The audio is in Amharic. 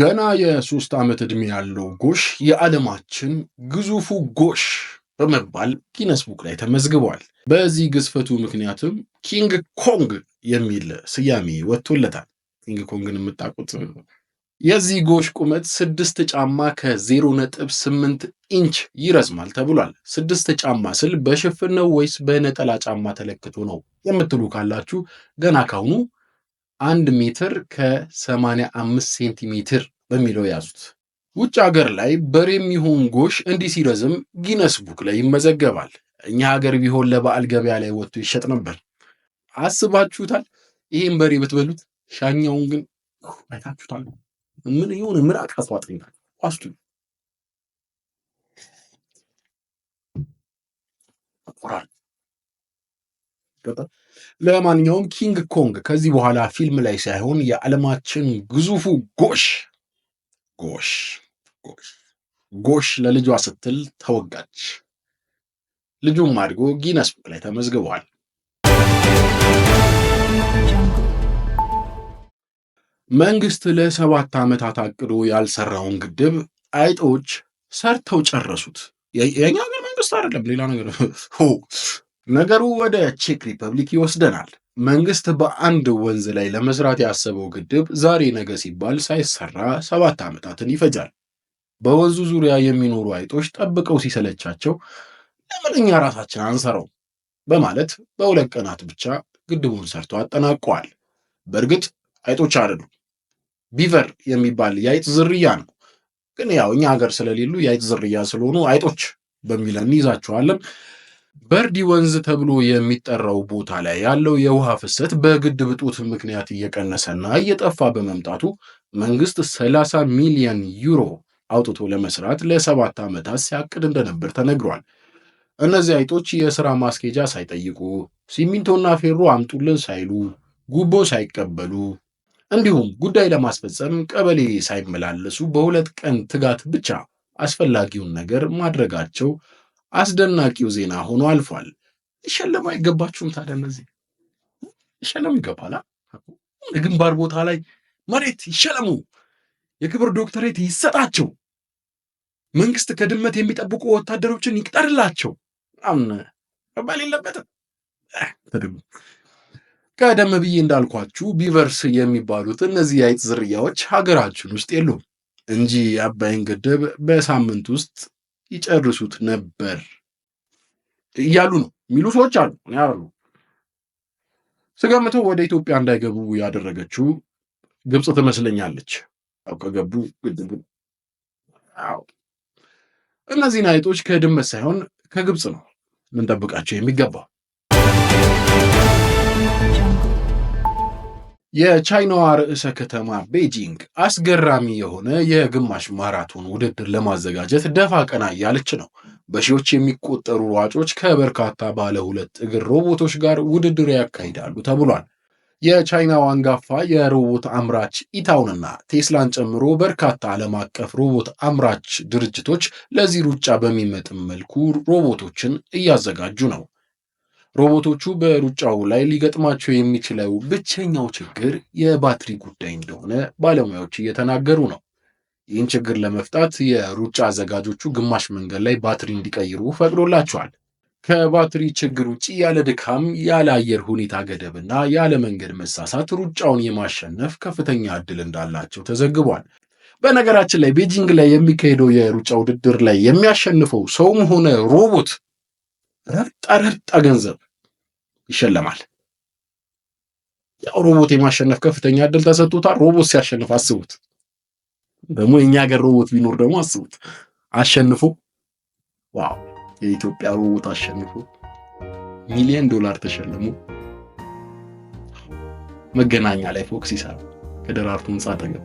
ገና የሶስት ዓመት ዕድሜ ያለው ጎሽ የዓለማችን ግዙፉ ጎሽ በመባል ጊነስ ቡክ ላይ ተመዝግቧል። በዚህ ግዝፈቱ ምክንያትም ኪንግ ኮንግ የሚል ስያሜ ወጥቶለታል። ኪንግ ኮንግን የምታውቁት የዚህ ጎሽ ቁመት ስድስት ጫማ ከዜሮ ነጥብ ስምንት ኢንች ይረዝማል ተብሏል። ስድስት ጫማ ስል በሽፍን ነው ወይስ በነጠላ ጫማ ተለክቶ ነው የምትሉ ካላችሁ ገና ካሁኑ አንድ ሜትር ከ85 ሴንቲሜትር በሚለው ያዙት። ውጭ ሀገር ላይ በሬ የሚሆን ጎሽ እንዲህ ሲረዝም ጊነስ ቡክ ላይ ይመዘገባል። እኛ ሀገር ቢሆን ለበዓል ገበያ ላይ ወጥቶ ይሸጥ ነበር። አስባችሁታል? ይህም በሬ ብትበሉት፣ ሻኛውን ግን አይታችሁታል? ምን የሆነ ምን አስዋጠኛል። ዋስቱ ቆራል ለማንኛውም ኪንግ ኮንግ ከዚህ በኋላ ፊልም ላይ ሳይሆን የዓለማችን ግዙፉ ጎሽ ጎሽ ጎሽ ለልጇ ስትል ተወጋች። ልጁም አድጎ ጊነስ ቡክ ላይ ተመዝግቧል። መንግስት ለሰባት ዓመታት አቅዶ ያልሰራውን ግድብ አይጦች ሰርተው ጨረሱት። የእኛ ሀገር መንግስት አይደለም ሌላ ነገር ነገሩ ወደ ቼክ ሪፐብሊክ ይወስደናል። መንግስት በአንድ ወንዝ ላይ ለመስራት ያሰበው ግድብ ዛሬ ነገ ሲባል ሳይሰራ ሰባት ዓመታትን ይፈጃል። በወንዙ ዙሪያ የሚኖሩ አይጦች ጠብቀው ሲሰለቻቸው ለምን እኛ ራሳችን አንሰራው በማለት በሁለት ቀናት ብቻ ግድቡን ሰርቶ አጠናቀዋል። በእርግጥ አይጦች አይደሉም፣ ቢቨር የሚባል የአይጥ ዝርያ ነው። ግን ያው እኛ ሀገር ስለሌሉ የአይጥ ዝርያ ስለሆኑ አይጦች በሚለን እንይዛቸዋለን። በርዲ ወንዝ ተብሎ የሚጠራው ቦታ ላይ ያለው የውሃ ፍሰት በግድብ እጦት ምክንያት እየቀነሰና እየጠፋ በመምጣቱ መንግስት 30 ሚሊዮን ዩሮ አውጥቶ ለመስራት ለሰባት ዓመታት ሲያቅድ እንደነበር ተነግሯል። እነዚህ አይጦች የሥራ ማስኬጃ ሳይጠይቁ ሲሚንቶና ፌሮ አምጡልን ሳይሉ ጉቦ ሳይቀበሉ እንዲሁም ጉዳይ ለማስፈጸም ቀበሌ ሳይመላለሱ በሁለት ቀን ትጋት ብቻ አስፈላጊውን ነገር ማድረጋቸው አስደናቂው ዜና ሆኖ አልፏል። ሊሸለሙ አይገባችሁም። ታዲያ እነዚህ ሊሸለሙ ይገባል። ግንባር ቦታ ላይ መሬት ይሸለሙ፣ የክብር ዶክተሬት ይሰጣቸው፣ መንግስት ከድመት የሚጠብቁ ወታደሮችን ይቅጠርላቸው። አሁን መባል የለበትም። ቀደም ብዬ እንዳልኳችሁ ቢቨርስ የሚባሉት እነዚህ የአይጥ ዝርያዎች ሀገራችን ውስጥ የሉም እንጂ የአባይን ግድብ በሳምንት ውስጥ ይጨርሱት ነበር እያሉ ነው የሚሉ ሰዎች አሉ ያሉ ስገምተው ወደ ኢትዮጵያ እንዳይገቡ ያደረገችው ግብፅ ትመስለኛለች። ያው ከገቡ እነዚህን አይጦች ከድመት ሳይሆን ከግብፅ ነው ልንጠብቃቸው የሚገባው። የቻይናዋ ርዕሰ ከተማ ቤጂንግ አስገራሚ የሆነ የግማሽ ማራቶን ውድድር ለማዘጋጀት ደፋ ቀና እያለች ነው። በሺዎች የሚቆጠሩ ሯጮች ከበርካታ ባለ ሁለት እግር ሮቦቶች ጋር ውድድር ያካሂዳሉ ተብሏል። የቻይናው አንጋፋ የሮቦት አምራች ኢታውንና ቴስላን ጨምሮ በርካታ ዓለም አቀፍ ሮቦት አምራች ድርጅቶች ለዚህ ሩጫ በሚመጥም መልኩ ሮቦቶችን እያዘጋጁ ነው። ሮቦቶቹ በሩጫው ላይ ሊገጥማቸው የሚችለው ብቸኛው ችግር የባትሪ ጉዳይ እንደሆነ ባለሙያዎች እየተናገሩ ነው። ይህን ችግር ለመፍታት የሩጫ አዘጋጆቹ ግማሽ መንገድ ላይ ባትሪ እንዲቀይሩ ፈቅዶላቸዋል። ከባትሪ ችግር ውጭ ያለ ድካም፣ ያለ አየር ሁኔታ ገደብ እና ያለ መንገድ መሳሳት ሩጫውን የማሸነፍ ከፍተኛ እድል እንዳላቸው ተዘግቧል። በነገራችን ላይ ቤጂንግ ላይ የሚካሄደው የሩጫ ውድድር ላይ የሚያሸንፈው ሰውም ሆነ ሮቦት ረብጣ ረብጣ ገንዘብ ይሸለማል። ያው ሮቦት የማሸነፍ ከፍተኛ እድል ተሰጥቶታል። ሮቦት ሲያሸንፍ አስቡት። ደግሞ የኛ ሀገር ሮቦት ቢኖር ደግሞ አስቡት አሸንፎ ዋው! የኢትዮጵያ ሮቦት አሸንፎ ሚሊዮን ዶላር ተሸልሞ መገናኛ ላይ ፎክስ ይሰራል ከደራርቱ ህንፃ አጠገብ